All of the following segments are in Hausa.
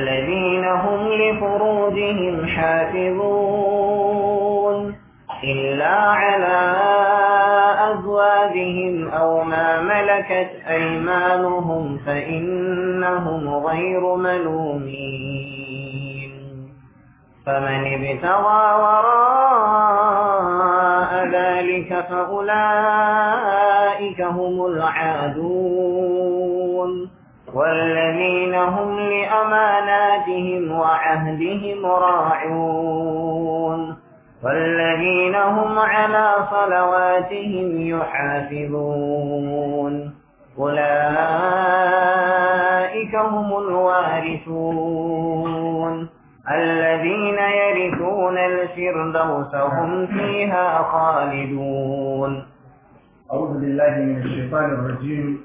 الذين هم لفروجهم حافظون إلا على أزواجهم أو ما ملكت أيمانهم فإنهم غير ملومين فمن ابتغى وراء ذلك فأولئك هم العادون والذين هم لأماناتهم وعهدهم راعون والذين هم على صلواتهم يحافظون أولئك هم الوارثون الذين يرثون الفردوس هم فيها خالدون أعوذ بالله من الشيطان الرجيم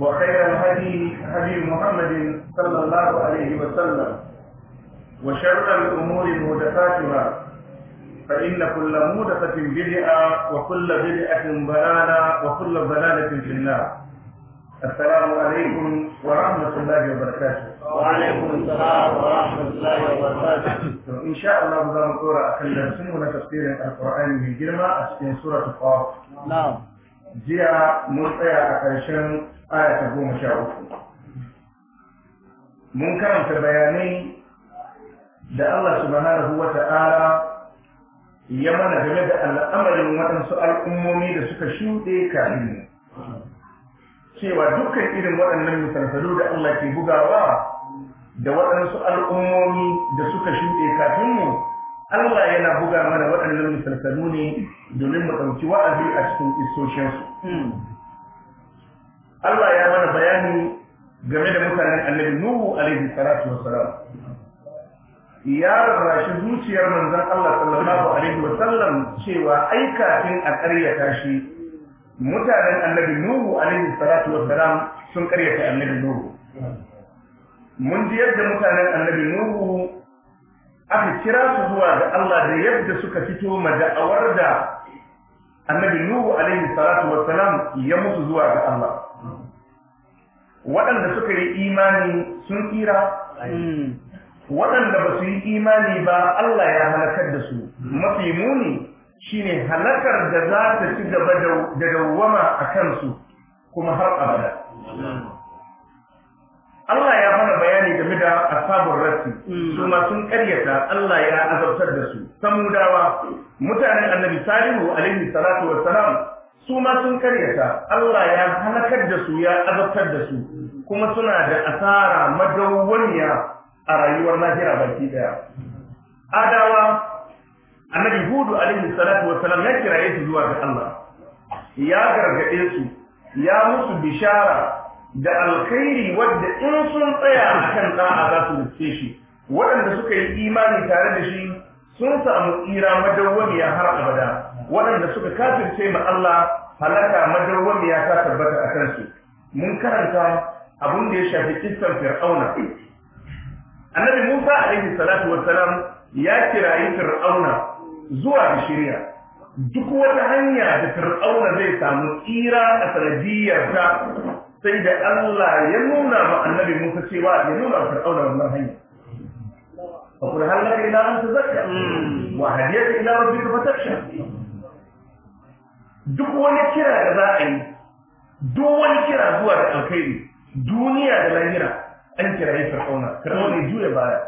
وخير الهدي هدي محمد صلى الله عليه وسلم وشر الأمور محدثاتها فإن كل محدثة بدعة وكل بدعة ضلالة وكل ضلالة في النار السلام عليكم ورحمة الله وبركاته وعليكم السلام ورحمة الله وبركاته إن شاء الله بدأ نقرأ سنة تفسير القرآن من جرمة أسفين سورة القاف نعم jiya mun tsaya a ƙarshen ayata goma sha uku mun karanta bayanai da Allah subhanahu wa ta'ala ya mana game da al'amarin waɗansu al'ummomi da suka shuɗe kafin cewa dukkan irin waɗannan misalfalu da Allah ke bugawa da waɗansu al'ummomi da suka shuɗe kafin mu Allah yana buga mana waɗannan misalsalu ne domin mu ɗauki wa'azi a cikin isoshinsu. Hmm. Allah ya mana bayani game da mutanen annabi Nuhu alaihi salatu salam. Ya rarrashi zuciyar manzon Allah sallallahu alaihi sallam cewa ai kafin a ƙaryata shi mutanen annabi Nuhu alaihi salatu salam sun ƙaryata annabi Nuhu. Mun ji yadda mutanen annabi Nuhu aka kira su zuwa ga Allah da yadda suka fito ma da'awar da annabi Nuhu alaihi salatu salam ya mutu zuwa ga Allah waɗanda suka yi imani sun kira? waɗanda ba su yi imani ba Allah ya halakar da su mafi muni shine halakar da za ta ci gaba da dawwama a kansu kuma har abada Allah ya mana bayani game da asabar rassi mm. su ma sun karyata Allah ya azabtar da su samudawa mutanen annabi salihu alaihi salatu salam su ma sun karyata Allah ya halakar da su ya azabtar da su kuma suna da asara madawwaniya a rayuwar lahira baki daya adawa annabi hudu alaihi salatu salam ya kira su zuwa ga Allah ya gargaɗe su ya musu bishara da alkhairi wadda in sun tsaya akan da'a za su riske shi waɗanda suka yi imani tare da shi sun samu tsira madawwamiya har abada waɗanda suka kafirce ma Allah halaka madawwamiya ta tabbata a kansu mun karanta abun da ya shafi kissan fir'auna annabi Musa alaihi salatu wassalam ya kirayi fir'auna zuwa da shirya duk wata hanya da fir'auna zai samu tsira a sanadiyar ta sai da Allah ya nuna ma annabi Musa cewa ya nuna wa Fir'auna wannan hanya fa qul hal laka ila an tazakka hmm. wa hadiyaka ila rabbika fatakhsha duk wani kira da za a yi duk wani kira zuwa da alkhairi duniya da lahira an kirayi fir'auna fir'auna ya juya baya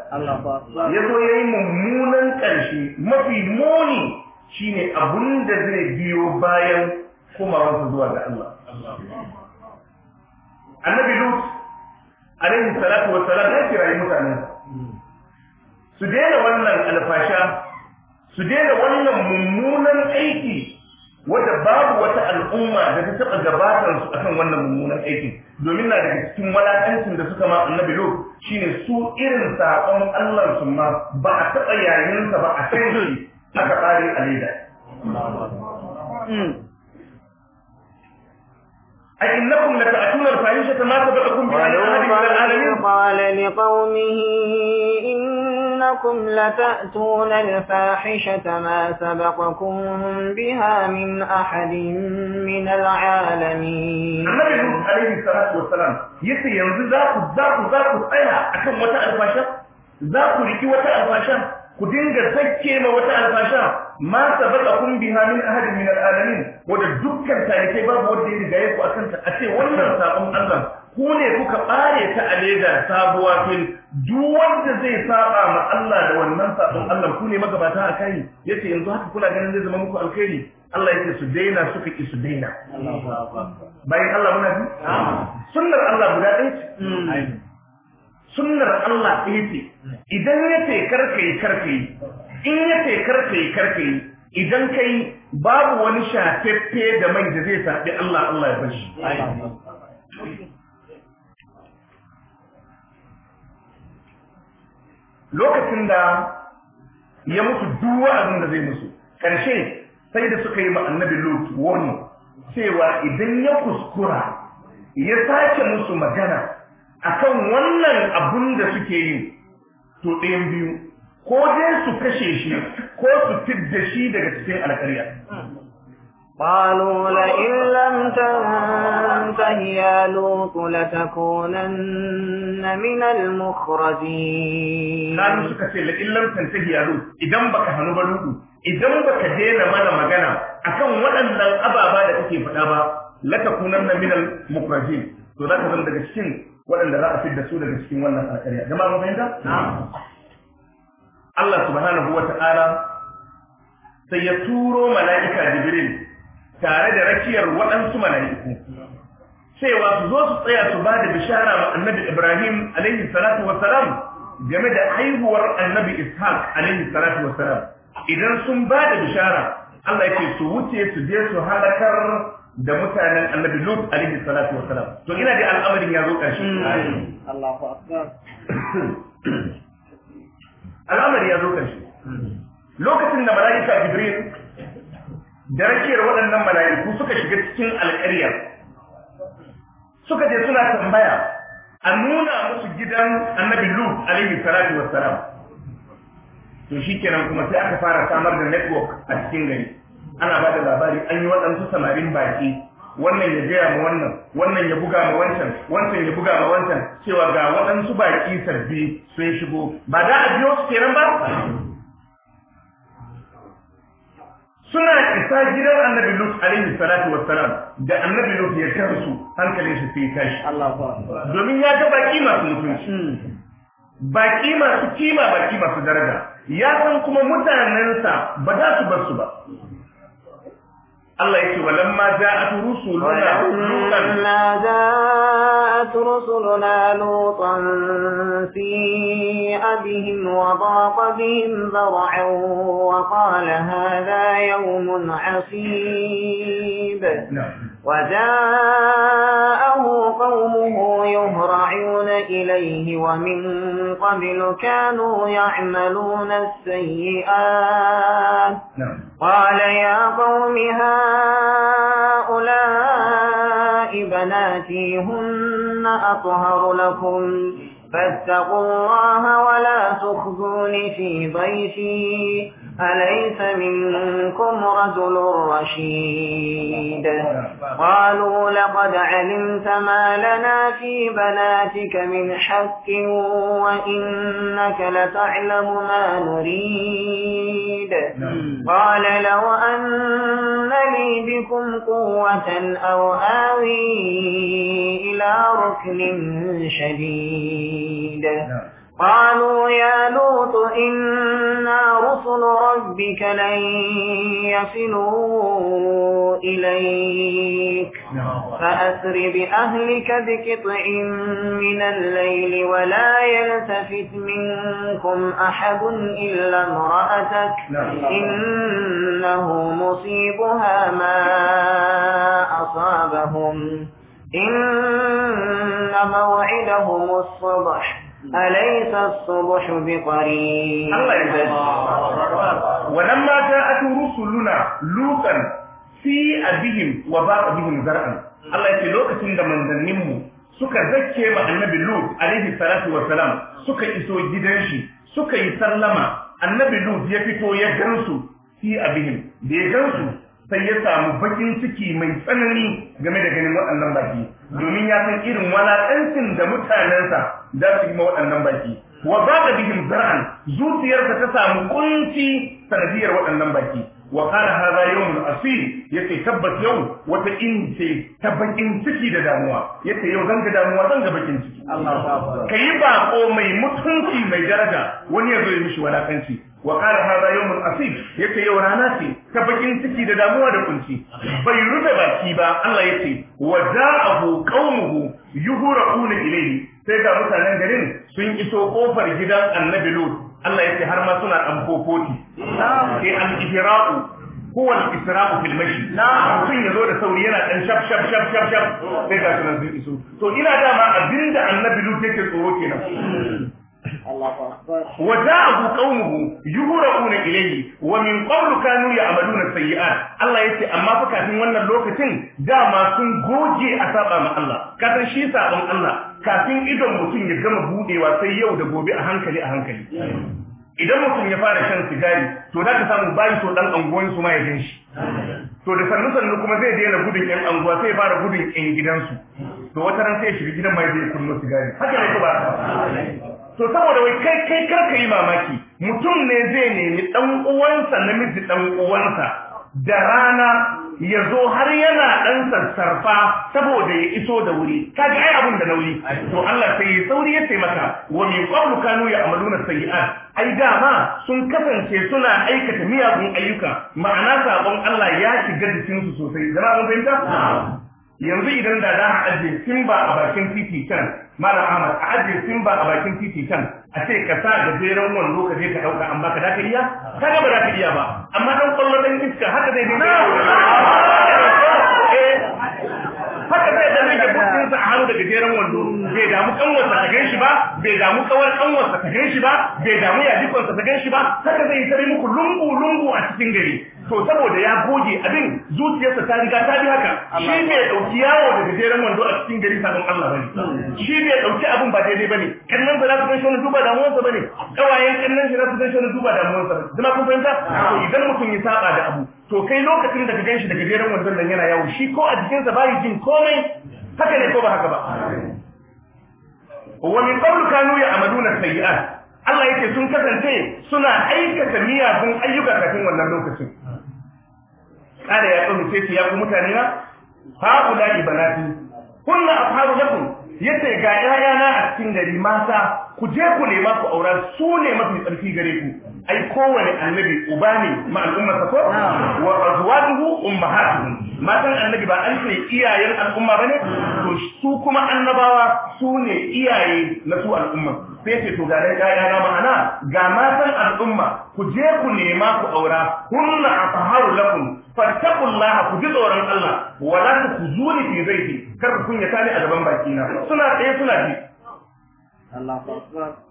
ya zo ya yi mummunan ƙarshe mafi muni shine abun da zai biyo bayan komawarsa zuwa ga Allah annabi lut alaihi salatu wassalam ya kirayi mutanen su daina wannan alfasha su daina wannan mummunan aiki wanda babu wata al'umma da ta taɓa gabatar su akan wannan mummunan aikin domin na daga cikin walaƙancin da suka ma annabi lut shine su irin saɓon Allah su ma ba a taɓa yayinsa ba a kan shi aka ƙare a أئنكم لتأتون الفاحشة ما سبقكم بها أحد من العالمين قال لقومه إنكم لتأتون الفاحشة ما سبقكم بها من أحد من العالمين النبي لوط عليه الصلاة والسلام يسي ينزل ذاك ذاك ذاك أنا أكم وتا الفاحشة ذاك لكي وتا الفاحشة ku dinga zakke ma wata alfasha ma kun biha min ahadin min alalamin wanda dukkan talibai babu wanda ya riga ku akan ta a ce wannan sabon Allah ku ne kuka bare ta a leda sabuwa fil duk wanda zai saba ma Allah da wannan sabon Allah ku ne magabata akai yace yanzu haka kula ganin zai zama muku alkhairi Allah yake su daina su ki su daina bayan Allah muna ji sunnar Allah guda ɗaya ce hmm. sunnar Allah ɗaya ce idan yace karkai karkai in ya ce karfe yi idan kai babu wani shafeffe da mai da zai saɓi Allah Allah ya bashi lokacin da ya mutu duwa abin da zai musu ƙarshe sai da suka yi ma annabi Lut wani cewa idan ya kuskura ya sace musu magana akan wannan abun da suke yi to ɗayan biyu ko dai su kashe shi ko su fidda shi daga cikin alƙarya قالوا لئن لم تنته يا لوط لتكونن من المخرجين لأنه سكت لئن لم تنته يا لوط إذن بك هنبلوط إذن بك دين مانا مغانا أكم ولن أبا بعد أكي فتابا لتكونن من المخرجين to za ka zama daga cikin waɗanda za a fi da su daga cikin wannan alƙarya. Jama'ar mafahimta? Na'am. Allah subhanahu ta'ala sai ya turo mala'ika Jibril tare da rakiyar waɗansu mala'iku cewa su zo su tsaya su ba da bishara wa annabi Ibrahim alaihi salatu salam game da haihuwar annabi Ishaq alaihi salatu salam. idan sun ba da bishara Allah yake su wuce su je su halakar da mutanen annabi Lut alaihi salatu salam. to ina da al'amarin ya zo ƙarshe alamar ya zo kanshi lokacin da mala'ika jibril da rakiyar waɗannan mala'iku suka shiga cikin alƙarya suka je suna tambaya a nuna musu gidan annabi lut alaihi salatu wassalam to shi kenan kuma sai aka fara samar da network a cikin gari ana bada da labari an yi waɗansu samarin baki wannan ya gaya ma wannan wannan ya buga ma wancan wancan ya buga ma wancan cewa ga waɗansu baƙi sarbi sun shigo ba da a biyo su kenan ba suna isa gidan annabi lut alaihi salatu wassalam da annabi lut ya su hankalin su sai tashi domin ya ga baki masu mutunci hmm. baki masu kima baki masu daraja ya san kuma mutanensa ba za su bar su ba Allah yake walamma ja'at rusuluna walamma ja'at rusuluna lutan fi abihim wa daqa bihim zar'an wa qala hadha yawmun 'asib وجاءه قومه يهرعون إليه ومن قبل كانوا يعملون السيئات نعم. قال يا قوم هؤلاء بناتي هن أطهر لكم فاتقوا الله ولا تخزون في ضيفي أليس منكم رجل رشيد قالوا لقد علمت ما لنا في بناتك من حق وإنك لتعلم ما نريد قال لو أن لي بكم قوة أو آوي إلى ركن شديد قالوا يا لوط إنا رسل ربك لن يصلوا إليك فأسر بأهلك بقطع من الليل ولا يلتفت منكم أحد إلا امرأتك إنه مصيبها ما أصابهم إن موعدهم الصبح أليس الصبح بقريب الله يجزاك ولما جاءت رسلنا لوطا في أبيهم وباق بهم زرعا الله يجزاك لوكتين ده من ذنبه suka zakke ma annabi Lut alaihi salatu wa salam suka iso gidan shi suka yi sallama annabi Lut ya fito ya gansu fi abihim da ya gansu sai ya samu bakin ciki mai tsanani game da ganin waɗannan baki domin ya san irin walaƙancin da mutanensa za su yi waɗannan baki wa zaga bihin zar'an zuciyarsa ta samu kunci sanadiyar waɗannan baki wa qala hadha yawmun asir yace tabbas yau wata in ce ta bakin ciki da damuwa yace yau zan ga damuwa zan ga bakin ciki Ka yi ko mai mutunci mai daraja wani ya zo ya mishi walakanci wa qala hadha yawmun asir ce yau rana ce ta bakin ciki da damuwa da kunci bai rufe baki ba Allah ya ce. wa ja'ahu qaumuhu yuhra'una ilayhi sai ga mutanen garin sun iso kofar gidan annabi lut Allah ya ce har ma suna dan fofoti sai al-ihra'u huwa israu fil mashi mutum ya zo da sauri yana dan shaf shaf shaf shaf shaf sai ga sunan sun iso to ina dama abinda annabi lut yake tsoro kenan وجاءه قومه يهرؤون إليه ومن قبل كانوا يعملون السيئات الله yace amma fa kafin wannan lokacin dama sun goge a saba ma Allah kasan shi saban Allah kafin idon mutum ya gama budewa sai yau da gobe a hankali a hankali idan mutum ya fara shan sigari to za ka samu bayi so dan anguwan su ma ya gan shi to da sannu sannu kuma zai daina gudun yan anguwa sai ya fara gudun yan gidansu to wata ran sai ya shiga gidan mai zai kullu sigari haka ne ko ba to saboda wai kai kai kar ka yi mamaki mutum ne zai nemi dan uwansa namiji dan uwansa da rana ya zo har yana ɗan sassarfa saboda ya iso da wuri kaji ai abun da nauyi to Allah sai ya sauri ya taimaka wa min qablu kanu ya'maluna sayyi'at ai dama sun kasance suna aikata miyagun ayyuka ma'ana sabon Allah ya shiga jikinsu sosai jama'a mun fahimta yanzu idan da za a ajiye simba a bakin titi can malam ahmad a ajiye simba a bakin titi can a ce ka sa gajeren wando ka je ka dauka an baka da ka iya ka ga ba iya ba amma dan kwallo dan iska haka zai dinga ya da rage bukin a hannu da gajeren wando bai damu kanwarsa ta gan shi ba bai damu kawar kanwarsa ta gan shi ba bai damu yadikonsa ta gan shi ba haka zai yi tare muku lungu lungu a cikin gari to saboda ya goge abin zuciyarsa ta riga ta bi haka shi bai dauki yawo da gajeren wando a cikin gari sabon Allah bane shi bai dauki abin ba daidai bane kannan ba za su ganshi wani duba damuwarsa bane kawayen kannan shi za su ganshi wani duba damuwarsa bane zama kun fahimta to idan mutum ya saba da abu to kai lokacin da ka ganshi da gajeren wandon nan yana yawo shi ko a jikinsa bai jin komai haka ne ko ba haka ba wa min qablu kanu ya'maluna sayi'at Allah yake sun kasance suna aikata miyagun ayyuka kafin wannan lokacin. Kada ya tsohu sai ya ku mutane na haula ibanati kunna ashabu lakum yace ga 'ya'yana a cikin gari mata ku je ku nema ku aura su ne mafi tsarki gare ku ai kowane annabi uba ne ma al'ummarsa ko wa azwajuhu ummahatuhum matan annabi ba an ce iyayen al'umma bane to su kuma annabawa su ne iyaye na su al'umma sai ce to ga dai kaya na ma'ana ga matan al'umma ku je ku nema ku aura kunna atharu lakum fattaqullaha ku ji tsoron Allah wala tukuzuni fi zaiti kar ku ya tani a gaban baki na suna tsaye suna ji ku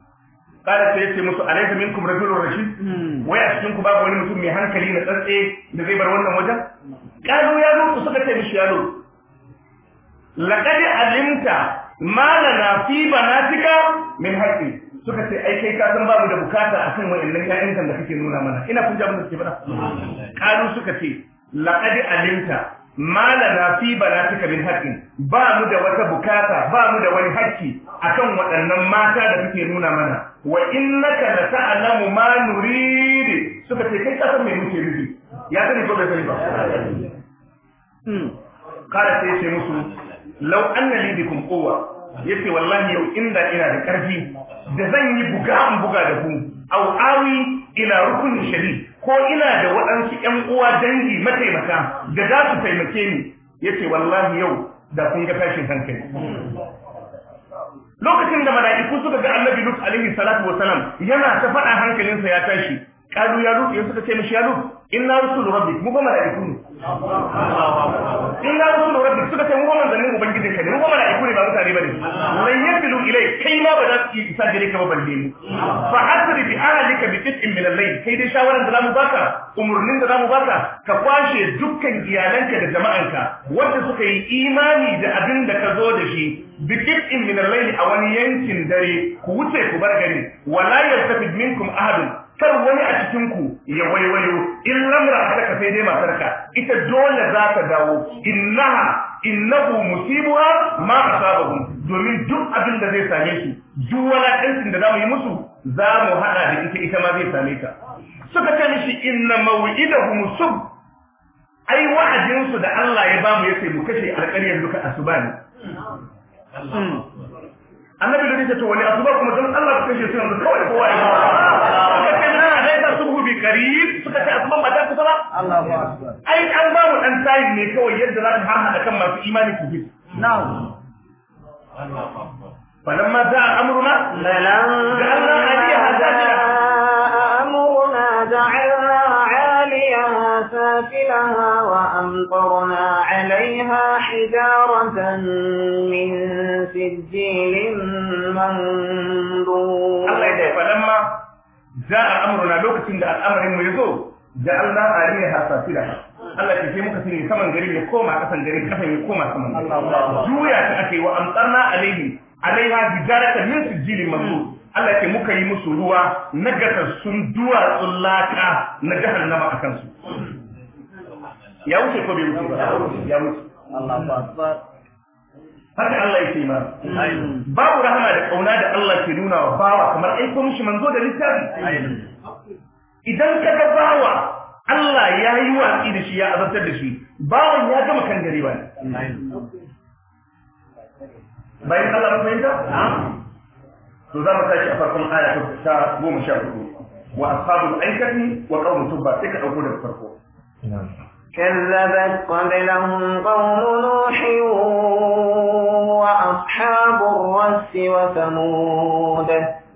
kada sai ce musu alaysa minkum rajulun rashid hmm. waya cikin ku babu wani mutum mai hankali na tsantse da zai bar wannan wajen kalu ya zo suka ce mishi ya zo laqad alimta ma lana fi banatika min haqqi suka ce ai kai ka san babu da bukata akan wayannan ƴaƴan da kake nuna mana ina kun ji abin da suke faɗa kalu suka ce laqad alimta malana fi banatika min haqqin ba mu da wata bukata ba mu da wani haƙƙi akan waɗannan mata da kake nuna mana wa innaka la ta'lamu ma nurid suka ce kai kasan mai muke nufi ya sani ko bai sani ba hmm. kada sai ce musu law anna li bikum quwwa yace wallahi yau inda ina da karfi da zan yi buga an buga da ku aw awi ila rukunin shari ko ina da waɗansu 'yan uwa dangi mataimaka da za su taimake ni yace wallahi yau da kun ga tashin hankali lokacin da mala'iku suka ga annabi Lut alaihi salatu wasalam yana ta faɗa hankalinsa ya tashi kalu ya Lut suka ce mishi ya Lut inna rusul rabbik mu ba mala'iku ne in na rasu lura duk suka ce mu wannan zannin ubangijin ka ne mu mana iku ne ba mutane bane lan yasilu ilai kai ma ba za su isa gare ka ba balle ni fa hasri bi ahlika bi qit'in min al-layl kai dai shawaran da zamu baka umurnin da zamu baka ka kwashe dukkan iyalanka da jama'anka wanda suka yi imani da abin da ka zo da shi bi qit'in min al-layl a wani yankin dare ku wuce ku bar gari wala yastafid minkum ahadun kar wani a cikinku ku ya waiwayo in lamra hadaka sai dai matarka ita dole za ta dawo innaha innahu musibuha ma asabahum domin duk abin da zai same su duk wani da zamu yi musu za mu haɗa da ita ita ma zai same ta suka ce mishi inna maw'idahum sub ai wa'adin su da Allah ya bamu sai mu kashe alƙaryar duka asuba ne hmm. annabi da yake to wani asuba kuma dan Allah ku kashe su yanzu kawai kowa ya qarib suka ce asman ba ta kusa ba Allahu akbar ai an ba mu dan tayin ne kawai yadda za ka harhaɗa kan masu imani ku fita na'am Allahu akbar falamma za'a amruna falamma za'a amruna ja'alna 'aliyaha safilaha wa amtarna 'alayha hijaratan min sijilin mandud Allah ya falamma ja'a amruna lokacin da al'amarin mu yazo da Allah ariya hasasila Allah ya kai muka sani saman gari ya koma kasan gari kasan ya koma saman gari juya ta ake wa amtarna alaihi alaiha bijaratan min sijili mamdud Allah ke muka yi musu ruwa na gasar sun duwa laka na nama a kansu ya wuce ko bai wuce ba ya wuce Allah ba haka Allah yake ma babu rahama da kauna da Allah ke nuna wa bawa kamar aiko mishi manzo da littafi idan ka ga bawa Allah ya yi watsi da shi ya azabtar da shi bawan ya gama kan gari ba bayan Allah ba fahimta to za mu tashi a farkon aya ta goma sha hudu wa ashabul aikati wa qawmu tubba sai ka dauko daga farko كذبت قبلهم قوم نوح وأصحاب الرس وثمود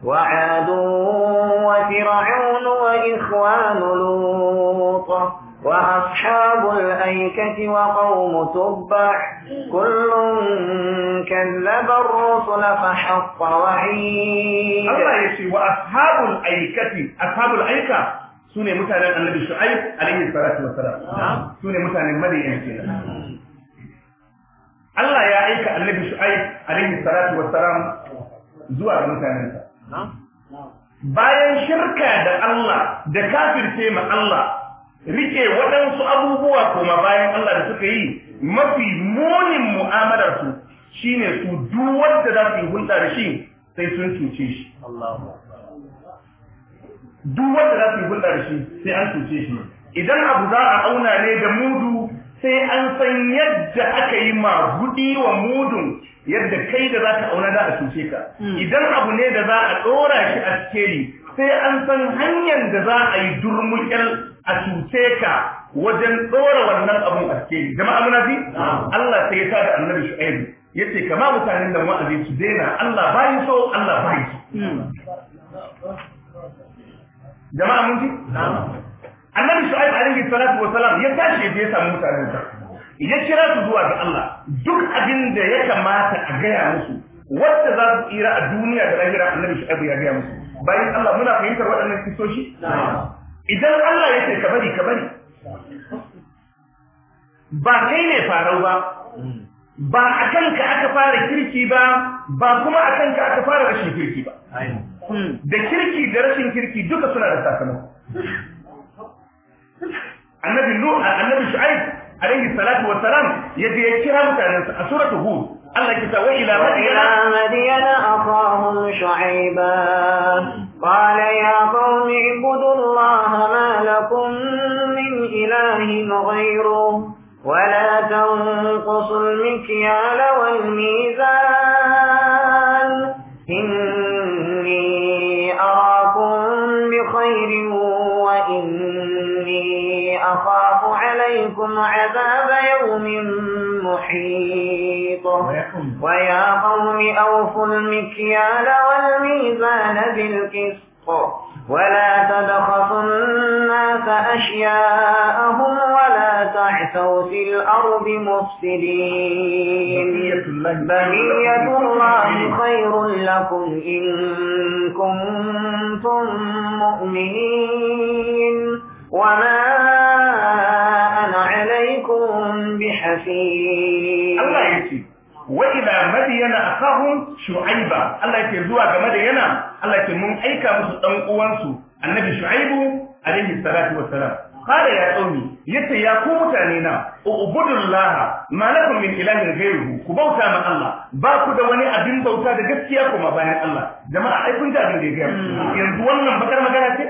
وعاد وفرعون وإخوان لوط وأصحاب الأيكة وقوم تبع كل كذب الرسل فحق وعيد الله يشي وأصحاب الأيكة أصحاب الأيكة سنة متعلم النبي شعيب عليه الصلاة والسلام نعم. سنة متعلم مدين Allah ya aika annabi Shu'aib alaihi salatu wassalam zuwa ga mutanensa bayan shirka da Allah da kafirce ma Allah rike waɗansu abubuwa kuma bayan Allah da suka yi mafi munin mu'amalar su shine su duk wanda za su yi hulɗa da shi sai sun cuce shi duk wanda za su yi hulɗa da shi sai an cuce shi idan abu za a auna ne da mudu sai an san yadda aka yi magudi wa mudun yadda kai da za ka auna da a cuce ka hmm. idan abu ne da za a ɗora shi a sikeli sai an san hanyar da za a yi durmukyal a cuce ka wajen ɗora wannan abun a sikeli jama'a muna ji Allah sai ya sa da annabi shu'aibu yace kama mutanen da wa'azi su daina Allah bayi so Allah bayi so hmm. jama'a mun ji annabi shu'aib alaihi salatu wa salam ya tashi da ya samu mutanen sa ya kira su zuwa ga Allah duk abin da ya kamata a gaya musu wanda za su tsira a duniya da lahira annabi shu'aib ya gaya musu bayan Allah muna fahimtar waɗannan kisoshi idan Allah ya ce ka bari ka bari ba kai ne farau ba ba a kanka aka fara kirki ba ba kuma a kanka aka fara rashin kirki ba da kirki da rashin kirki duka suna da sakamako النبي نوح النبي شعيب عليه الصلاه والسلام يدي يشيها متعلقه سوره هود الله كتبه الى مدينه مدينه اخاهم شعيبا قال يا قوم اعبدوا الله ما لكم من اله غيره ولا تنقصوا المكيال والميزان عذاب يوم محيط ويا قوم أوفوا المكيال والميزان بالقسط ولا تبخسوا الناس أشياءهم ولا تعثوا في الأرض مفسدين بقية الله خير لكم إن كنتم مؤمنين وما بحفيظ الله يكي وإلى مدين أخاهم شعيبا الله يكي زوا كمدين الله يكي من أيكا مسلم أوانسو النبي شعيب عليه الصلاة والسلام قال يا قومي yace ya ku mutane na ubudullaha ma lakum min ilahin ghayruhu ku bauta ma Allah ba ku da wani abin bauta da gaskiya kuma bayan Allah jama'a ai kun ji abin da ya yanzu wannan bakar magana ce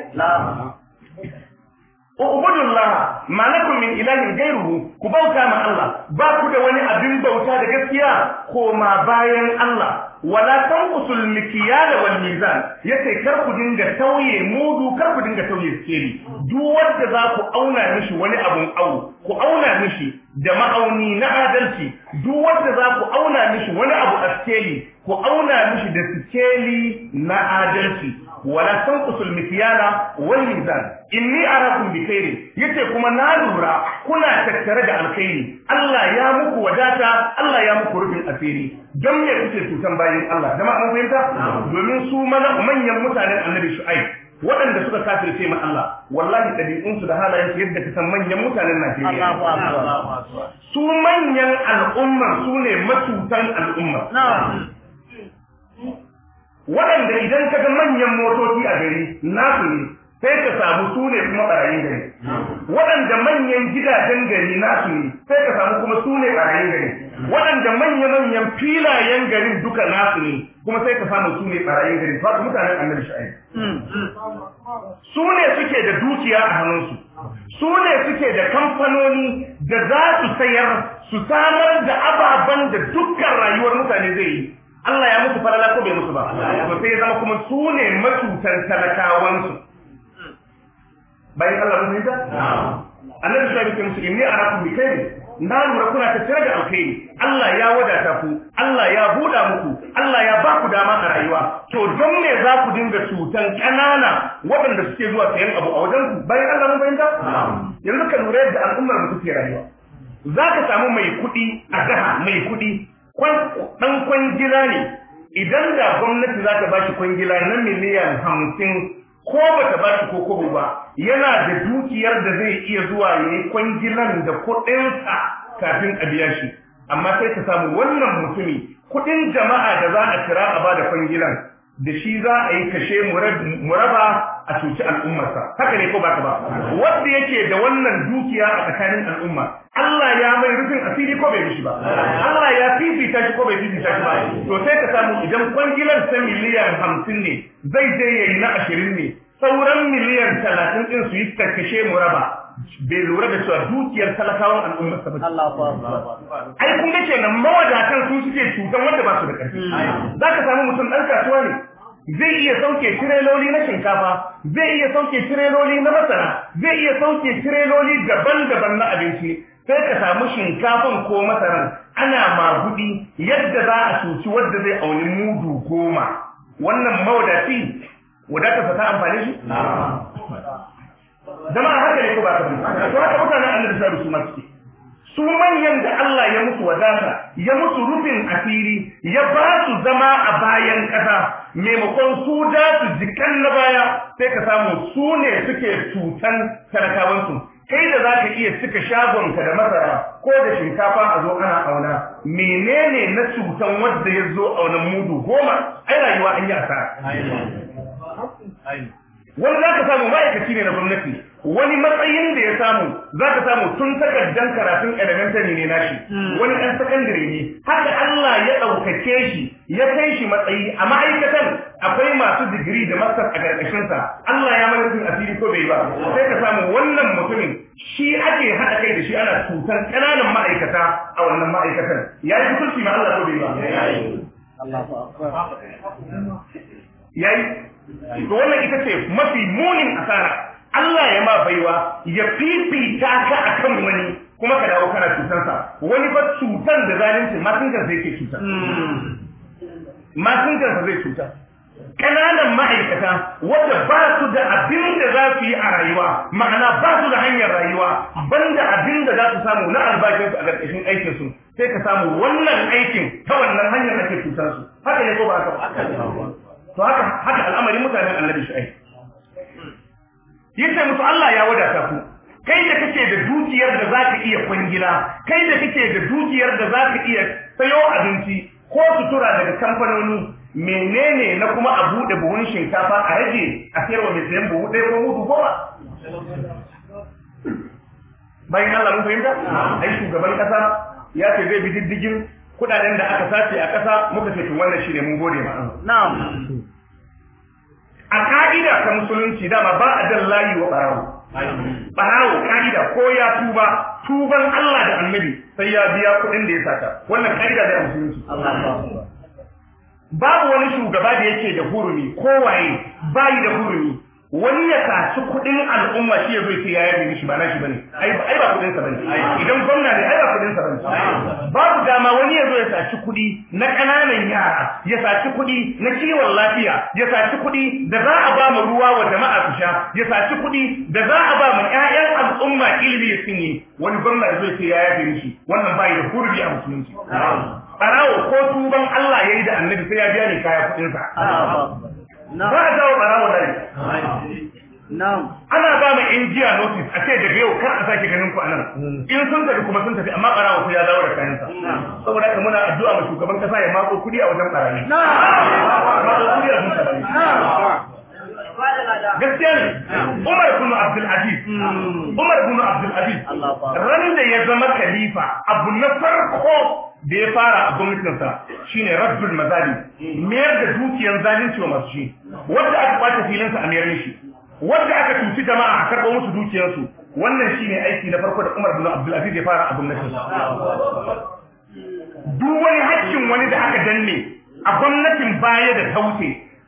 Allah ma lakum min ilahin ghayruhu ku bauta ma Allah ba ku da wani abin bauta da gaskiya koma bayan Allah wala tanqusul mikyal wal mizan yace kar ku dinga tauye mudu kar ku dinga tauye sikeli duk wanda za ku auna mishi wani abun au ku auna mishi da ma'auni na adalci duk wanda za ku auna mishi wani abu askeli ku auna mishi da sikeli na adalci wala tanqusul mikyal wal mizan inni arakum bi khairin yace kuma na lura kuna tattare da alkhairi Allah ya muku wadata Allah ya muku rubin asiri dan me kuke tutan bayin Allah dama an fahimta domin su manyan mutanen Annabi Shu'aib waɗanda suka sai ma Allah wallahi ɗabi'unsu da halayen su yadda kasan san manyan mutanen Najeriya su manyan al'umma su ne matutan al'umma waɗanda idan ka ga manyan motoci a gari nasu ne sai ka samu su ne kuma barayin gari waɗanda manyan gidajen gari nasu ne sai ka samu kuma su ne barayin gari waɗanda manya manyan filayen garin duka nasu ne kuma sai ka samu su ne barayin gari ba mutanen annabi sha'i su ne suke da dukiya a hannunsu su ne suke da kamfanoni da za su sayar su samar da ababen da dukkan rayuwar mutane zai yi Allah ya musu fara ko bai musu ba to sai ya zama kuma su ne matutan talakawansu bayan Allah mun yadda annabi sai yake musu inni arakum bi khair na lura kuna tattare da alkhairi Allah ya wadata ku Allah ya buɗa muku Allah ya ba ku dama a rayuwa to don me za ku dinga cutan ƙanana waɗanda suke zuwa sayan abu a wajen ku bayan Allah mun fahimta yanzu ka lura yadda al'ummar mu suke rayuwa za ka samu mai kuɗi a jaha mai kuɗi ɗan kwangila ne idan da gwamnati za ta ba shi kwangila na miliyan hamsin ko ba ta ba shi ko kobo ba yana da dukiyar da zai iya zuwa ya yi kwangilan da kuɗinsa kafin a biya shi amma sai ka samu wannan mutumi kuɗin jama'a da za a kira a bada kwangilan da shi za a yi kashe muraba a cuci al'ummarsa haka ne ko ba ka ba wanda yake da wannan dukiya a tsakanin al'umma Allah ya mai rufin asiri ko bai shi ba Allah ya fifita shi ko bai fifita shi ba to sai ka samu idan kwangilan sai miliyan hamsin ne zai je yayi na ashirin ne sauran miliyan talatin ɗin su yi karkashe mu raba bai lura da cewa dukiyar talakawan al'ummar sa ai kun ga kenan mawadatan su suke cutar wanda ba su da ƙarfi za ka samu mutum ɗan kasuwa ne zai iya sauke tireloli na shinkafa zai iya sauke tireloli na masara zai iya sauke tireloli daban-daban na abinci sai ka samu shinkafan ko masaran ana magudi yadda za a cuci wadda zai auni mudu goma wannan mawadaci wadatarsa ta amfani shi jama'a haka ne ko ba ta to haka mutanen annabi sa su masu su manyan da Allah ya musu wadata ya musu rufin asiri ya ba su zama a bayan ƙasa maimakon su da su jikan na baya sai ka samu su ne suke tutan talakawansu kai da za ka iya cika shagonka da masara ko da shinkafa a zo ana auna menene na cutan wanda ya zo auna mudu goma ai rayuwa an yi asara wani za ka samu ma'aikaci ne na gwamnati wani matsayin da ya samu za ka samu tun takardar karatun elementary ne na shi. wani ɗan sakandare ne haka Allah ya ɗaukake shi ya kai shi matsayi a ma'aikatan akwai masu digiri da masters a ƙarƙashinsa Allah ya mana sun asiri ko bai ba sai ka samu wannan mutumin shi ake haɗa kai da shi ana cutar ƙananan ma'aikata a wannan ma'aikatan ya yi kusurci ma Allah ko bai ba yi. to wannan ita ce mafi munin asara Allah ya ma baiwa ya fifita ka akan wani kuma ka dawo kana cutansa wani ba cutan da zalunci masinkar hmm. zai ke cuta masinkan zai cuta ƙananan ma'aikata wanda ba su da abin da za su yi a rayuwa ma'ana ba su da hanyar rayuwa banda abin da za su samu na albashinsu a ƙarƙashin aikinsu sai ka samu wannan aikin ta wannan hanyar ake cutar su haka ne ko ba haka ba to haka haka al'amarin mutanen annabi shu'aib yace musu Allah ya wadata ku kai da kake da dukiyar da zaka iya kwangila kai da kake da dukiyar da zaka iya sayo abinci ko sutura daga kamfanoni menene na kuma a bude buhun shinkafa a rage a sayarwa mai sayan buhu ɗaya ko mutu goma bayan Allah mun fahimta ai shugaban kasa ya ce zai bi diddigin kudaden da aka sace a kasa muka ce wannan shine mun gode ma na'am a ka'ida ta musulunci dama ba a dan layi wa barawo barawo ka'ida ko ya tuba tuban Allah da annabi sai ya biya kuɗin da ya sata wannan ka'ida da musulunci babu wani shugaba da yake da hurumi ko kowaye bayi da hurumi wani ya saci kuɗin al'umma shi ya zo ya ya yabe shi, ba na shi bane ai ai ba kuɗin sa bane idan gwamna ne ai ba kuɗin sa bane babu dama wani ya zo ya saci kuɗi na ƙananan yara ya saci kuɗi na kiwon lafiya ya saci kuɗi da za a ba mu ruwa wa jama'a su sha ya saci kuɗi da za a ba mu ƴaƴan al'umma ilimi ya yi wani gwamna ya zo ya ya yabe shi. wannan bai da hurbi a musulunci barawo ko tuban Allah ya yi da annabi sai ya biya ne kaya kuɗin ba a jawo barawo da ana ba mu injiya notice a ce daga yau kan a sake ganin ku anan in sun tafi kuma sun tafi amma barawo sai ya dawo da kayansa saboda haka muna addu'a ma shugaban kasa ya mako kuɗi a wajen barayi mako kudi a wajen barayi gaskiya ne Umar bin Abdul Aziz mm. Umar bin Abdul Aziz ran da ya zama khalifa abu na farko da ya fara a gwamnatinsa shine rabbin mazali mayar da dukiyar zalunci wa masu shi wanda aka kwace filinsa a mayar mishi wanda aka cuci jama'a a karɓo musu dukiyarsu wannan shine aiki na farko da Umar bin Abdul da ya fara a gwamnatinsa duk wani haƙƙin wani da aka danne a gwamnatin baya da ta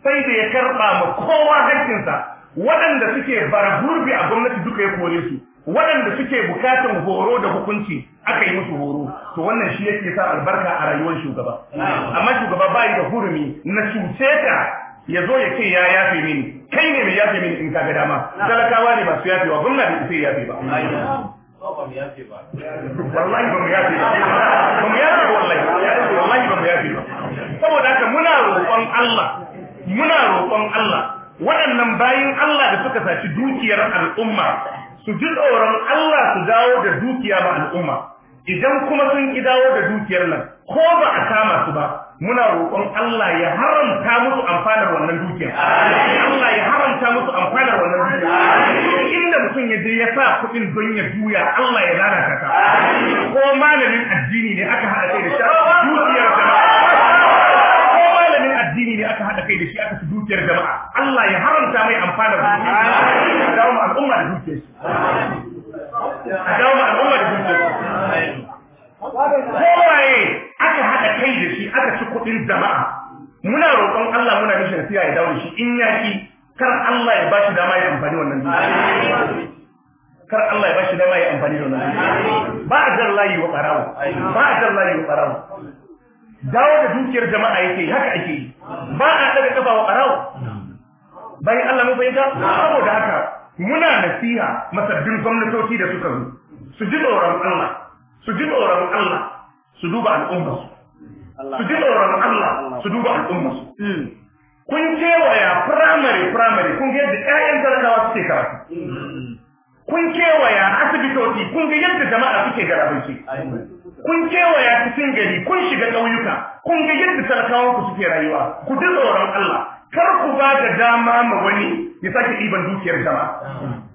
sai da ya karɓa ma kowa haƙƙinsa waɗanda suke bara gurbi a gwamnati duka ya kore su waɗanda suke bukatan horo da hukunci aka yi musu horo to wannan shi yake sa albarka a rayuwar shugaba amma shugaba yi da hurumi na cuce ka ya zo ya ce ya yafe mini kai ne mai yafe mini in ka ga dama talakawa ne yafe yafewa gwamna bai sai yafe ba wallahi ba mu yafe ba ba mu yafe wallahi wallahi ba mu yafe ba saboda haka muna roƙon Allah muna roƙon Allah waɗannan bayin Allah da suka saci dukiyar al'umma su ji tsoron Allah su dawo da dukiya ma al'umma idan kuma sun ki dawo da dukiyar nan ko ba a kama su ba muna roƙon Allah ya haramta musu amfanar wannan dukiyar Allah ya haramta musu amfanar wannan dukiyar inda mutum ya je ya sa kuɗin don ya juya Allah ya lalata ta ko malamin addini ne aka haɗa kai da shi aka dukiyar jama'a ko malamin addini ne aka haɗa kai da shi aka fi dukiyar jama'a Allah ya haramta mai amfanar dukiyar dawo ma al'umma da dukiyar dawo ma al'umma da dukiyar shi. kowaye aka haɗa kai da shi aka ci kuɗin jama'a muna roƙon Allah muna mishi nasiha ya dawo shi in yaki kar Allah ya bashi dama ya amfani wannan dukiya kar Allah ya bashi dama ya amfani da wannan ba a layi wa ƙarawa ba a layi wa ƙarawa dawo da dukiyar jama'a yake haka ake yi ba a daga kafa wa ƙarawa bayan Allah mu bayyana saboda haka muna nasiha masabbin gwamnatoci da suka zo su ji tsoron Allah su ji tsoron Allah su duba al'ummarsu su ji tsoron Allah su duba al'ummarsu hmm. kun kewaya firamare firamare kun ga yadda ƴaƴan talakawa suke karatu hmm. kun kewaya asibitoci kun ga yadda jama'a suke garabinci kun kewaya cikin gari kun shiga ƙauyuka kun ga yadda talakawan ku suke rayuwa ku ji tsoron Allah kar ku ba da dama ma wani ya sake ɗiban dukiyar jama'a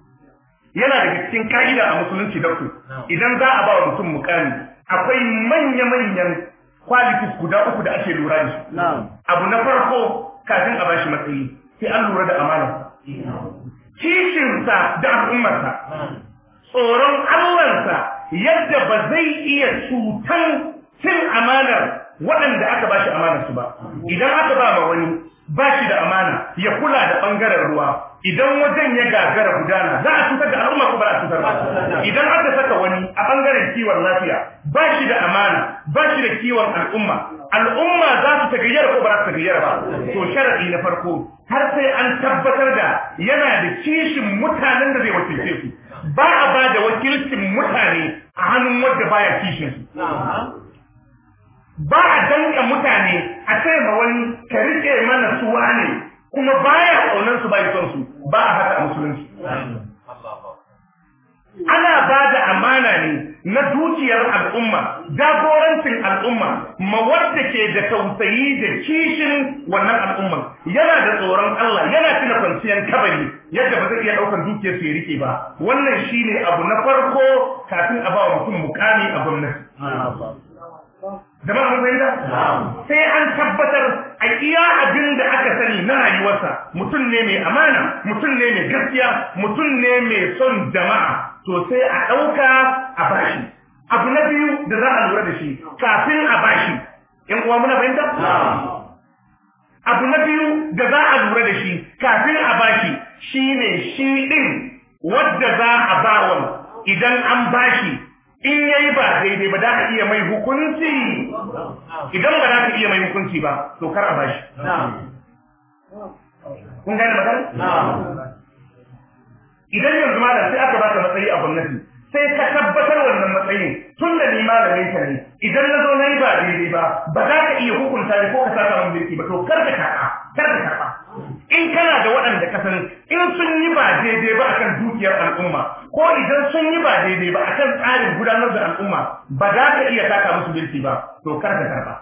yana daga cikin ka'ida a musulunci da ku idan za a ba mutum mukami akwai manya-manyan kwalifis guda uku da ake lura da su abu na farko kafin a bashi matsayi sai an lura da amana kishinsa da al'ummarsa tsoron allansa yadda ba zai iya cutan cin amanar waɗanda aka bashi su ba idan aka ba ma wani bashi da amana ya kula da ɓangaren ruwa idan wajen ya gagara gudana za a cutar da al'umma ko ba a cutar ba idan aka saka wani a bangaren kiwon lafiya ba shi da amana ba shi da kiwon al'umma al'umma za su tagayyara ko ba su tagayyara ba to sharadi na farko har sai an tabbatar da yana da kishin mutanen da zai wakilce su ba a ba da wakilcin mutane a hannun wanda baya kishin su ba a danka mutane a ce ma wani ka rike mana suwa ne kuma baya kaunan su bai son su ba a haka musulunci ana ba da amana ne na dukiyar al'umma jagorancin al'umma mawadda ke da tausayi da kishin wannan al'umman, yana da tsoron Allah yana tuna kwanciyar kabari yadda ba zai iya daukar dukiyar su ya rike ba wannan shine abu na farko kafin a ba wa mutum mukami a gwamnati jama'a mun sai an tabbatar a iya abin da aka sani na rayuwarsa mutum ne mai amana mutum ne mai gaskiya mutum ne mai son jama'a to sai a ɗauka a bashi abu na biyu da za a lura da shi kafin a bashi yan uwa muna fahimta abu na biyu da za a lura da shi kafin a bashi shine shi ɗin wadda za a bawan idan an bashi in yayi ba daidai ba da ka iya mai hukunci idan ba za ka iya mai hukunci ba to kar a bashi kun gane magana idan yanzu malam sai aka baka matsayi a gwamnati sai ka tabbatar wannan matsayin tun da ni da ka ne idan na zo na yi ba daidai ba ba za ka iya hukunta ni ko ka saka mun mulki ba to kar ka karɓa kar ka karɓa in kana da waɗanda ka in sun yi ba daidai ba akan dukiyar al'umma ko idan sun yi ba daidai ba akan tsarin gudanar da al'umma ba za ka iya taka musu bilki ba to kar ka karba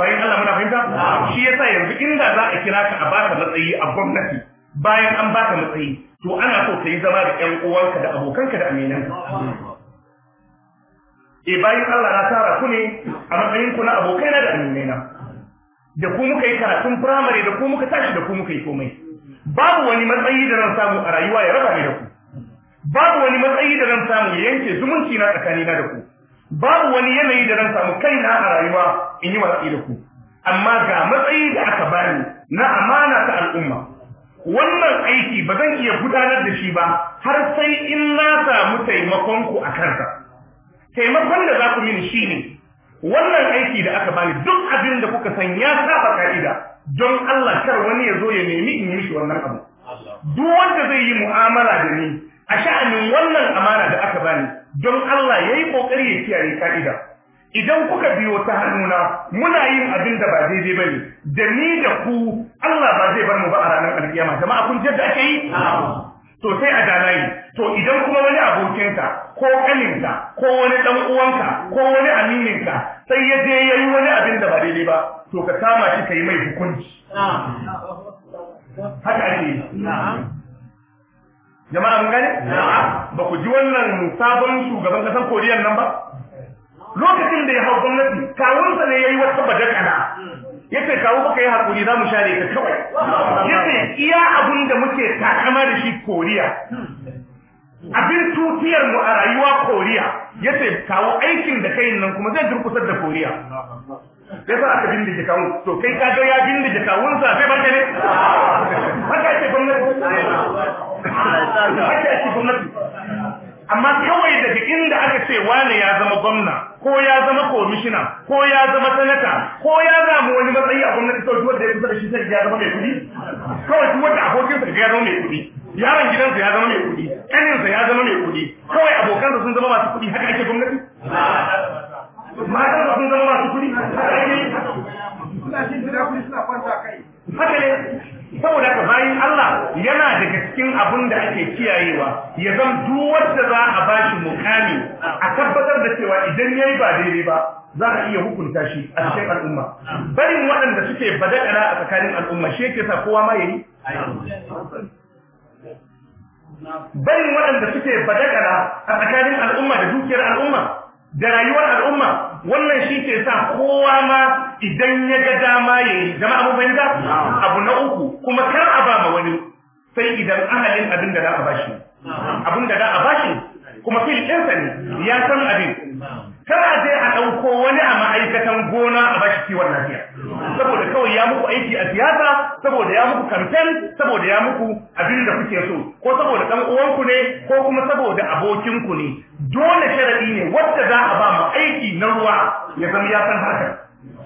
bayan Allah muna fahimta shi yasa yanzu inda za a kira ka a baka matsayi a gwamnati bayan an baka matsayi to ana so ka yi zama da ƴan uwanka da abokanka da aminanka e bayan Allah na tara ku ne a matsayin ku na abokaina da aminaina da ku muka yi karatun firamare da ku muka tashi da ku muka yi komai babu wani matsayi da zan samu a rayuwa ya raba ni da ku babu wani matsayi da zan samu ya yanke zumunci na tsakanina da ku babu wani yanayi da zan samu kaina a rayuwa in yi watsi da ku amma ga matsayi da aka bani na amana ta al'umma wannan aiki ba zan iya gudanar da shi ba har sai in na samu taimakon ku a kansa taimakon da za ku mini ne. wannan aiki da aka bani duk abin da kuka san ya saba ka'ida don Allah kar wani ya zo ya nemi in yi shi wannan abu duk wanda zai yi mu'amala da ni a sha'anin wannan amana da aka bani don Allah yayi kokari ya kiyaye ka'ida idan kuka biyo ta hannuna muna yin abin da ba daidai bane da ni da ku Allah ba zai bar mu ba a ranar alkiyama jama'a kun jadda ake yi to sai a dalayi to idan kuma wani abokinka ko kaninka ko wani dan uwanka ko wani amininka sai ya je ya yi wani abin da ba daidai ba to ka kama shi ka yi mai hukunci haka ake jama'a mun gane ba ku ji wannan sabon shugaban kasan koriya nan ba lokacin da ya hau gwamnati kawunsa ne ya yi wata bajakana ya ce kawo baka yi hakuri za mu share ka kawai ya ce iya abun da muke takama da shi koriya abin tutiyar mu a rayuwa koriya yace kawo aikin da kai nan kuma zai durkusar da koriya sai sa aka bindi kawun to kai ka ga ya bindige kawun sa sai barka ne haka ce gwamnati haka ce gwamnati amma kawai daga inda aka ce wani ya zama gwamna ko ya zama komishina ko ya zama sanata ko ya zama wani matsayi a gwamnati kawai wanda ya kusa da shi sai ya zama mai kuɗi kawai kuma da abokin sa ya zama mai kuɗi yaron gidansa ya zama mai kuɗi ƙaninsa ya zama mai kuɗi kawai abokansa sun zama masu kuɗi haka ake gwamnati matansa sun zama masu kuɗi haka ake haka ne saboda ka bayan Allah yana daga cikin abin da ake kiyayewa ya zan duwar da za a bashi mukami a tabbatar da cewa idan ya yi ba daidai ba za a iya hukunta shi a cikin al'umma barin waɗanda suke badakara a tsakanin al'umma shi yake sa kowa ma yi barin waɗanda suke badakala a tsakanin al'umma da dukiyar al'umma da rayuwar al'umma wannan shi ke sa kowa ma idan ya ga dama ya yi jama'a mu da, abu na uku kuma kar a ba ma wani sai idan ahalin abin da za a bashi abin da za a bashi kuma fil ɗinsa ne ya san abin kar a je a ɗauko wani a ma'aikatan gona a bashi kiwon lafiya saboda kawai ya muku aiki a siyasa saboda ya muku kamfen saboda ya muku abin da kuke so ko saboda ɗan uwanku ne ko kuma saboda abokinku ne dole sharaɗi ne wadda za a ba mu aiki na ruwa ya zama ya san harkar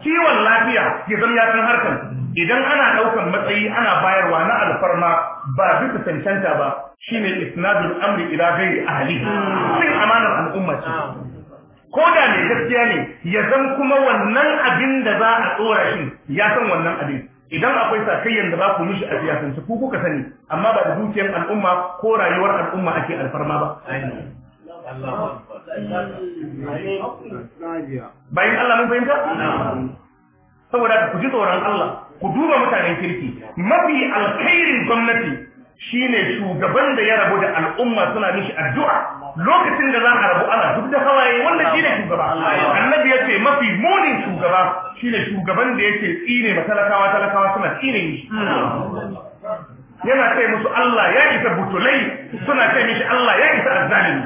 kiwon lafiya ya zama ya san harkar idan ana ɗaukan matsayi ana bayarwa na alfarma ba bisa cancanta ba shine isnadul amri ila ghairi ahli cin amanar al'umma ce ko da ne gaskiya ne ya zan kuma wannan abin da za a tsora shi ya san wannan abin idan akwai sakayyan da ba ku mishi a siyasance ku kuka sani amma ba da dukiyar al'umma ko rayuwar al'umma ake alfarma ba bayan Allah mun fahimta saboda ku ji tsoron Allah ku duba mutanen kirki mafi alkhairin gwamnati shine shugaban da ya rabu da al'umma suna mishi addu'a lokacin da za a rabu ana duk da hawaye wanda shi ne shugaba annabi ya ce mafi munin shugaba Shi ne shugaban da yake tsine ba talakawa talakawa suna tsine yi yana ce musu Allah ya isa butulai suna ce mishi Allah ya isa azzalimi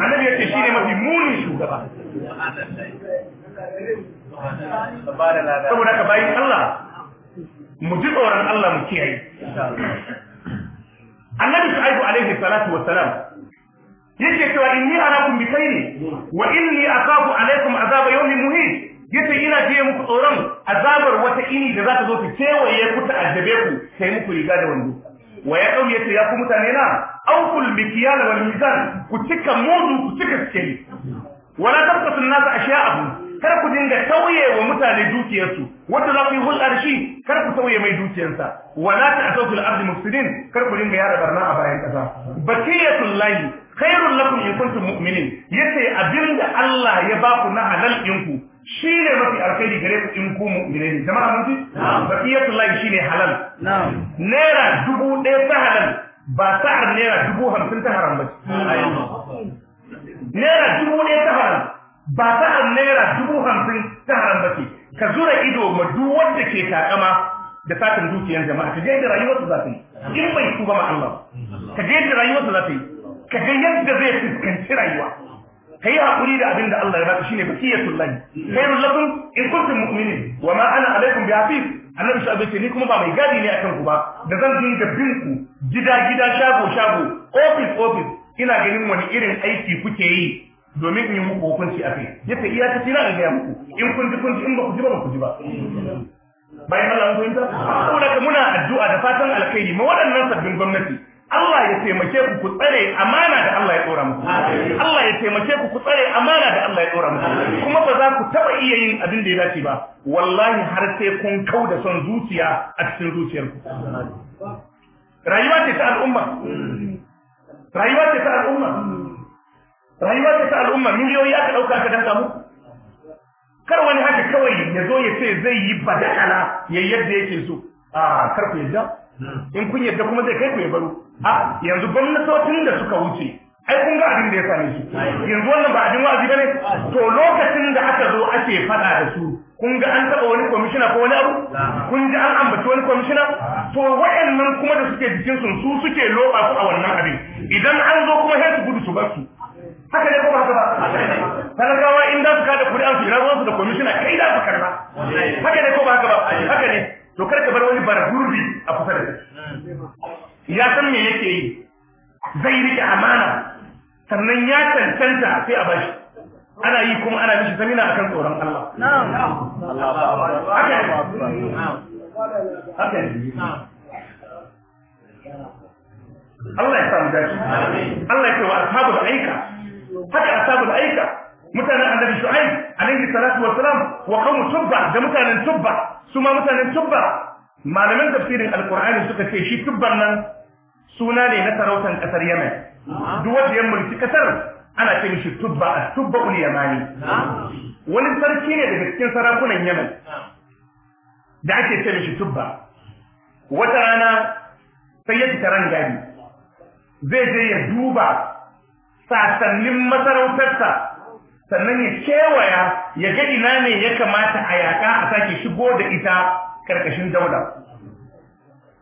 annabi ya ce shi ne mafi munin shugaba saboda ka bayin Allah mu ji tsoron Allah mu kiyaye annabi shu'aibu alaihi salatu salam. yake cewa inni arakum bi khairi wa inni akhafu alaikum azaba yawmin muhin yace ina jiye muku tsoron azabar wata ini da za ta zo ta kewaye ku ta addabe ku sai muku riga da wando wa ya kauli yace ya ku mutane na awkul mikyal wal mizan ku cika mudu ku cika sikeli wala tabqatu an-nas ashya'ahum kar ku dinga tauye wa mutane dukiyarsu wanda za ku yi hulɗa shi kar ku tauye mai dukiyarsa wala ta'tazul ardi mufsidin kar ku dinga yada barna a bayan kasa bakiyatul lahi khairul lakum in kuntum mu'minin yace abinda Allah ya ba ku na halal ɗinku shi ne mafi alkhairi gare ku in ku mu'mini ne jama'a mun ji bakiyatul lahi shine halal Na'am. naira dubu ɗaya ta halal ba sa'ar naira dubu hamsin ta haram ba naira dubu ɗaya ta haram ba ta naira dubu hamsin ta haram ba ce ka zura ido ma duk wanda ke takama da satin dukiyar jama'a ka je da rayuwarsa za ta in bai tuba ma Allah ka je yadda rayuwarsa za ta ka ga yadda zai fuskanci rayuwa ka yi haƙuri da abin da Allah ya baka shine bakiyatul lahi yi lakum in kuntum mu'minin wa ma ana alaikum bi hafiz annabi sabu ce ni kuma ba mai gadi ne akan ku ba da zan dinga bin ku gida gida shago shago ofis ofis. ina ganin wani irin aiki kuke yi domin in yi muku hukunci a kai ya iya ta tira ga gaya muku in kun ji kun ji in ba ku ji ba ba ku ji ba bayan Allah mun fahimta saboda ka muna addu'a da fatan alkhairi ma waɗannan sabbin gwamnati Allah ya taimake ku ku tsare amana da Allah ya dora muku Allah ya taimake ku ku tsare amana da Allah ya dora muku kuma ba za ku taba iya yin abin da ya dace ba wallahi har sai kun kau da son zuciya a cikin zuciyarku rayuwa ce ta al'umma rayuwa ce ta al'umma rayuwa ta ta al'umma miliyoyi aka ɗauka aka danka mu kar wani haka kawai ya zo ya ce zai yi badakala ya yadda yake so a kar ku yadda in kun yadda kuma zai kai ku ya baro a yanzu gwamnatocin da suka wuce ai kun ga abin da ya same su yanzu wannan ba abin wa'azi bane to lokacin da aka zo ake faɗa da su kun ga an taba wani kwamishina ko wani abu kun ji an ambaci wani kwamishina to wa'annan kuma da suke jikin su su suke loba a wannan abin idan an zo kuma hesu gudu su bar haka ne kuma haka ba talakawa in za su da kuri'an su rawan su da komishina kai za su karba haka ne kuma haka ba haka ne to kar ka bar wani barburbi a kusa da shi ya san me yake yi zai rike amana sannan ya cancanta sai a bashi ana yi kuma ana mishi samina akan tsoron Allah haka ne haka ne Allah ya samu dace Allah ya ce wa ashabul aika haka asabul aika mutanen annabi shu'aib alaihi salatu salam, wa qawmu tubba da mutanen tubba su ma mutanen tubba malaman tafsirin alqur'ani suka ce shi tubban nan suna ne na sarautan kasar yemen duk wanda ya mulki kasar ana ce mishi tubba a tubba ul yamani wani sarki ne daga cikin sarakunan yemen da ake ce mishi tubba wata rana sai ya fita gadi zai je ya duba sasannin masarautarsa sannan ya kewaya ya ga ina ne ya kamata a yaƙa a sake shigo da ita ƙarƙashin Dauda?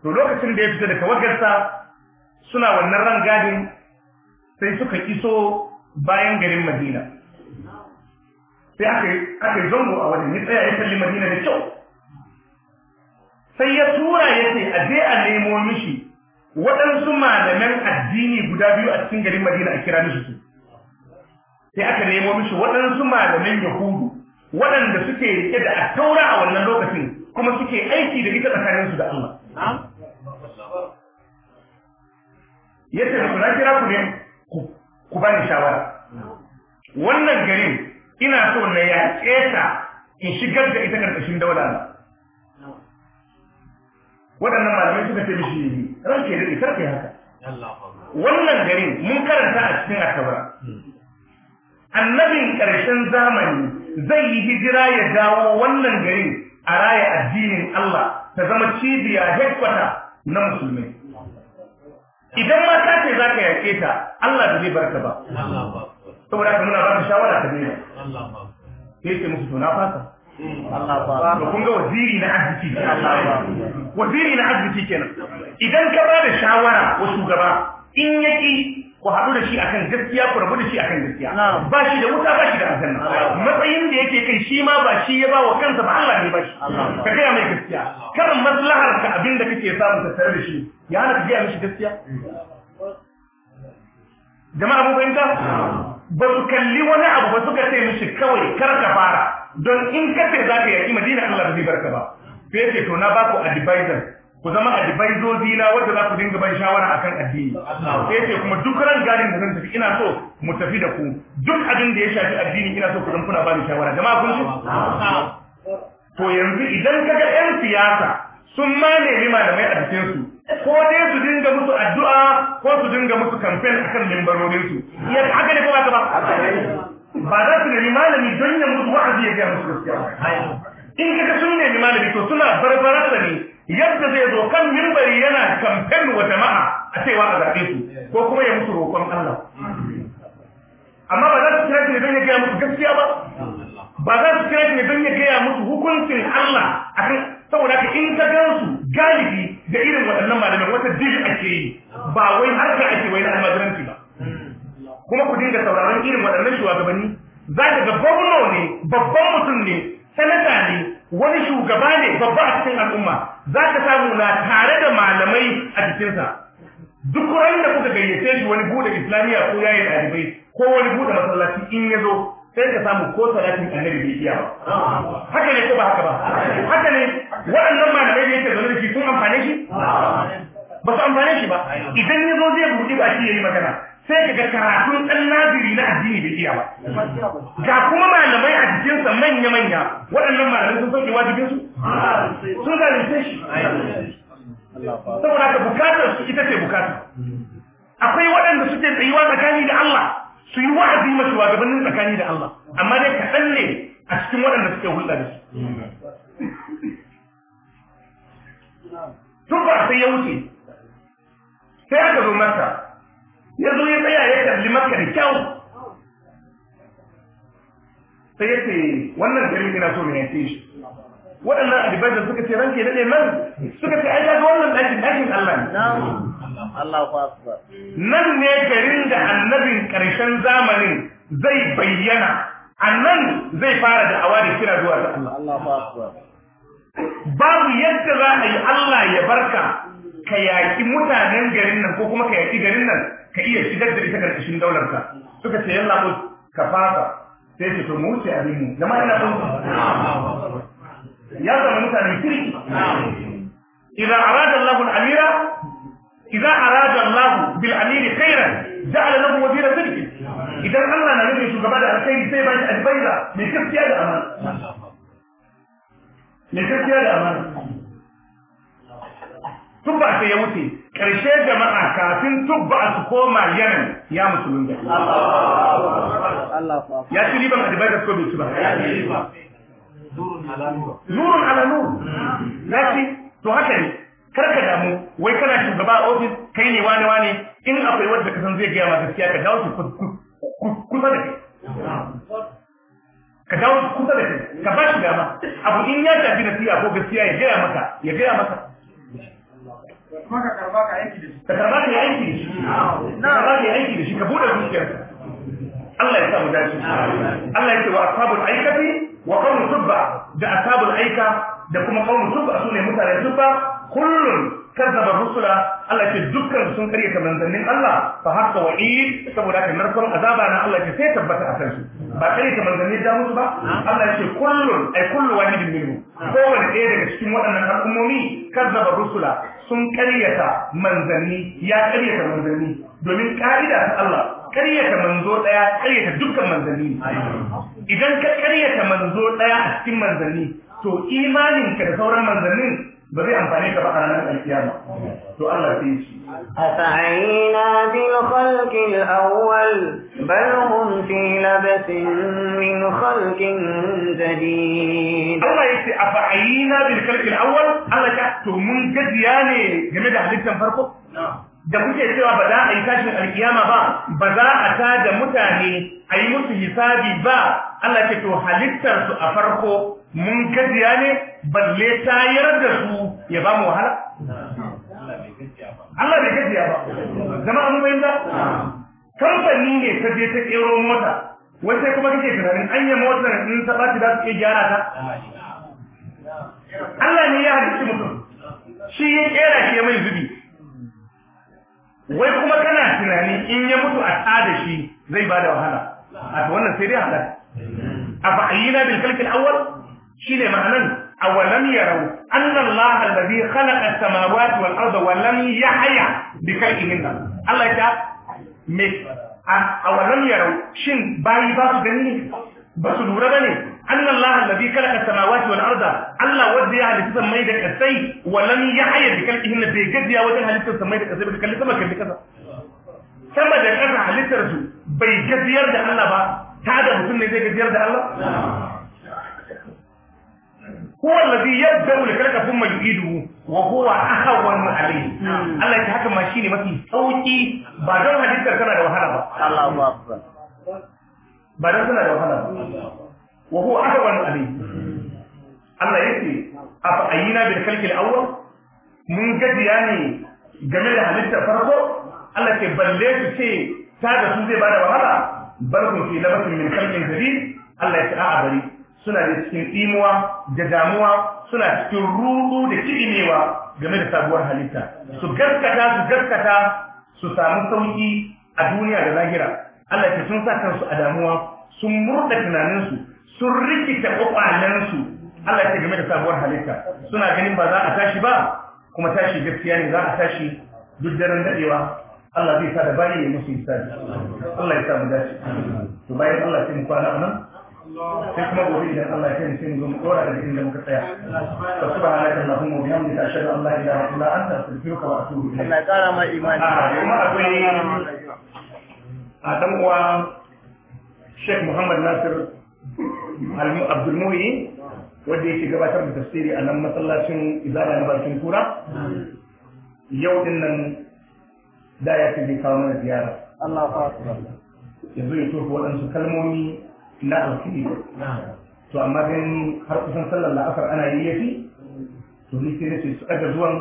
to lokacin da ya fita da tawagarsa suna wannan rangadin sai suka iso bayan garin madina sai aka yi zango a wajen ya tsaya ya kalli madina da kyau sai ya tura ya ce a je a nemo mishi waɗansu malaman addini guda biyu a cikin garin Madina a kira musu su sai aka nemo musu waɗansu malaman Yahudu waɗanda suke rike da a taura a wannan lokacin kuma suke aiki da ita su da Allah yace da na kira ku ne ku ba ni shawara wannan garin ina so na yaƙe ta in shigar da ita ƙarƙashin daular waɗannan malamai suka ce mishi ranke da isar kai haka wannan garin mun karanta a cikin akabara annabin ƙarshen zamani zai yi hijira ya dawo wannan garin a raya addinin Allah ta zama cibiya hekwata, na musulmi idan ma ka ce za zaka yake ta Allah da zai barka ba saboda ka muna ba ka shawara ka daina Allah ba sai ce musu na fasa Allah ba kun ga waziri na arziki Allah ba waziri na arziki kenan idan ka ba da shawara wa shugaba in yaki ku haɗu da shi a kan gaskiya ku rabu da shi a kan gaskiya ba shi da wuta ba shi da aljanna matsayin da yake kai shi ma ba shi ya ba wa kansa ba Allah ne ba shi ka gaya mai gaskiya karin maslahar ka abin da kake samun tare da shi ya hana ka gaya gaskiya jama'a mun ba su kalli wani abu ba suka ce mishi kawai kar ka fara don in ka ce za ka yaki madina Allah ba zai barka ba sai ce to na ba ku advisor ku zama advisors na wanda za ku dinga ban shawara akan addini sai ce kuma duk ran garin da zan tafi ina so mu tafi da ku duk abin da ya shafi addini ina so ku zan kuna ba ni shawara jama'a kun ji to yanzu idan kaga yan siyasa sun ma nemi malamai a cikin su ko dai su dinga musu addu'a ko su dinga musu campaign akan membarorin su ya haka ne ko ba ba ba za su nemi malami don ya musu wa'azi ya ga musu gaskiya in kaga sun nemi malami to suna barbara da ne. yadda zai zo kan mimbari yana kamfen wa jama'a a cewa a zaɓe su ko kuma ya musu roƙon Allah amma ba za su kira shi don ya gaya musu gaskiya ba ba za su kira shi don ya gaya musu hukuncin Allah kan saboda ka in ka gan su galibi da irin waɗannan malamai wata dil ake yi ba wai harka ake wai na almajiranci ba kuma ku dinga sauraron irin waɗannan shugabanni za ka ga gwamna ne babban mutum ne sanata ne wani shugaba ne babba a cikin al'umma za ka samu na tare da malamai a cikinsa duk ran da kuka gayyace shi wani bude islamiyya ko yayin ɗalibai ko wani bude masallaci in ya zo sai ka samu ko salatin annabi bai iya ba haka ne ko ba haka ba haka ne waɗannan malamai da yake zaune da shi sun amfane shi ba su amfane shi ba idan ya zo zai buɗe ba shi ya yi magana sai ka ga karatun ɗan naziri na addini bai iya ba ga kuma malamai a cikinsa manya-manya waɗannan malamai sun sauke wajibin su sun zalunce shi saboda ka bukatar su ita ce bukata akwai waɗanda suke tsayuwa tsakani da Allah su yi wa'azi ma shugabannin tsakani da Allah amma dai kaɗan ne a cikin waɗanda suke hulɗa da su tun ba sai ya wuce sai aka zo masa ya zo ya tsaya ya kalli maka da kyau sai yace wannan dalili na so ne yace shi waɗannan adibai suka ce ranke daɗe nan suka ce ai daga wannan ɗakin ɗakin Allah ne. Nan ne garin da annabin ƙarshen zamanin zai bayyana, annan zai fara da awa da kira zuwa ta Allah. Babu yadda za a yi Allah ya barka ka yaƙi mutanen garin nan ko kuma ka yaƙi garin nan ka iya shigar da ita ƙarƙashin ka Suka ce yalla ka fasa إذا أراد الله الأمير إذا أراد الله بالأمير خيرا جعل له وزير ملكا إذا الله نبي يسوع بعد الخير سيبا أجبيرا من كيف يا أمان من كيف يا أمان تبع سيوتي كرشاجة مع كافين تبع سقوما ينم يا مسلمين ya ci riban adibaita ko bai ci ba nurun ala nur ya ci to haka ne kar ka damu wai kana shugaba a ofis kai ne wani wani in akwai wanda ka san zai gaya ma gaskiya ka dawo shi kusa da kai ka dawo kusa da kai ka ba shi dama abu in ya na nasiha ko gaskiya ya gaya maka ya gaya maka kuma ka karba ka aiki da shi ka karba ka aiki da shi ka karba ka aiki da shi ka bude zuciyarka Allah ya samu dace Allah ya ce wa ashabul aikati wa qawmu subba da ashabul aika da kuma qawmu subba sune Kullum, subba kullun kazzaba rusula Allah ce dukkan sun karyata manzannin Allah fa haka wa saboda kan narkon azaba na Allah ce sai tabbata a kansu ba karyata manzannin da musu ba Allah ce kullun ay kullu wahidin minhu kowanne ɗaya daga cikin waɗannan al'ummomi kazzaba rusula sun karyata manzanni ya karyata manzanni domin ka'ida ta Allah karyata manzo daya karyata dukkan manzanni idan ka karyata manzo daya a cikin manzanni to imanin ka da sauran manzannin ba zai amfane ka ba a ranar alkiyama to Allah sai shi أفعينا بالخلق الأول بل هم في لبس من خلق جديد الله يسي أفعينا بالخلق الأول ألا كأتو من جدياني جميل أهلك تنفرقه نعم da kuke cewa ba za a yi tashin alkiyama ba ba za a tada mutane a yi musu hisabi ba Allah ce to halittar su a farko mun kajiya ne balle tayar da su ya ba mu wahala Allah bai gajiya ba zama an bayyana kamfani ne ta je ta kero mota wata kuma kake tunanin anya motar in ta ba ta za su iya gyara ta Allah ne ya halitta mutum shi ya kera shi mai zubi wai kuma kana tunani in ya mutu a tsada shi zai ba da wahala a to wannan sai dai halal afa ayyina bil kalkil Shi shine ma'anan awalam yarau anna Allah alladhi khalaqa as-samawati wal arda wa lam yahya bi kalkihinna Allah ya me awalam yarau shin bayi ba su gani ba su lura bane anna Allah alladhi khalaqa samawati wal arda Allah wanda ya halitta samai da kasai wa lam yahya bi khalqihinna bai gajiya wajen halittar samai da kasai ba kalli sama kalli kasa sama da kasa halittar su bai gajiyar da Allah ba ta da mutum ne zai gajiyar da Allah هو الذي يبدأ الخلق ثم يعيده وهو أهون عليه الله يتي haka ma shine mafi sauki ba don hadisin kana da wahala ba Allahu akbar ba don kana da wahala ba wa aka ahwan alayhi Allah yake afa ayina bil khalqi awwal mun gajiya ne game da halittar farko Allah ke balle su ce ta da su zai bada wahala bal kun fi labatin min khalqin jadid Allah ya ce a'a bari suna da cikin imuwa da damuwa suna cikin ruɗu da kiɗimewa game da sabuwar halitta su gaskata su gaskata su samu sauƙi a duniya da lahira Allah ke sun sa kansu a damuwa sun murda tunaninsu sun rikita kwakwalensu Allah ya game da sabuwar halitta suna ganin ba za a tashi ba kuma tashi gaskiya ne za a tashi duk daren dadewa Allah zai sa da bayi ne musu hisabi Allah ya samu dace to bayan Allah sai mu kwana a nan sai kuma gobe idan Allah ya kai sai mu zo mu dora daga inda muka tsaya to subhanaka allahumma wa bihamdika ashhadu an la ilaha illa anta astaghfiruka wa atubu ilayk Allah ya kara mai imani ah, kuma akwai a ah, dan uwa Sheikh Muhammad Nasir malamin abdulmuhi wanda yake gabatar da tafsiri a nan masallacin izara na bakin kura yau din nan da ya fi kawo mana ziyara yanzu ya tofa waɗansu kalmomi na alkhairi to amma ni har kusan sallar la'asar ana yi yafi to ni sai nace su ɗaga zuwan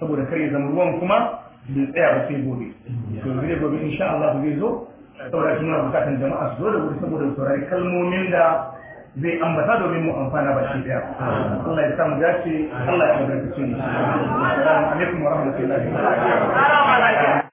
saboda kar ya zama ruwan kuma bai tsaya ba sai gobe to zai gobe insha Allah zai zo saboda shi muna bukatan jama'a su zo da wuri saboda saurari kalmomin da zai ambata domin mu amfana ba shi daya Allah ya sa mu dace Allah ya albarkace mu assalamu alaikum wa rahmatullahi wa barakatuh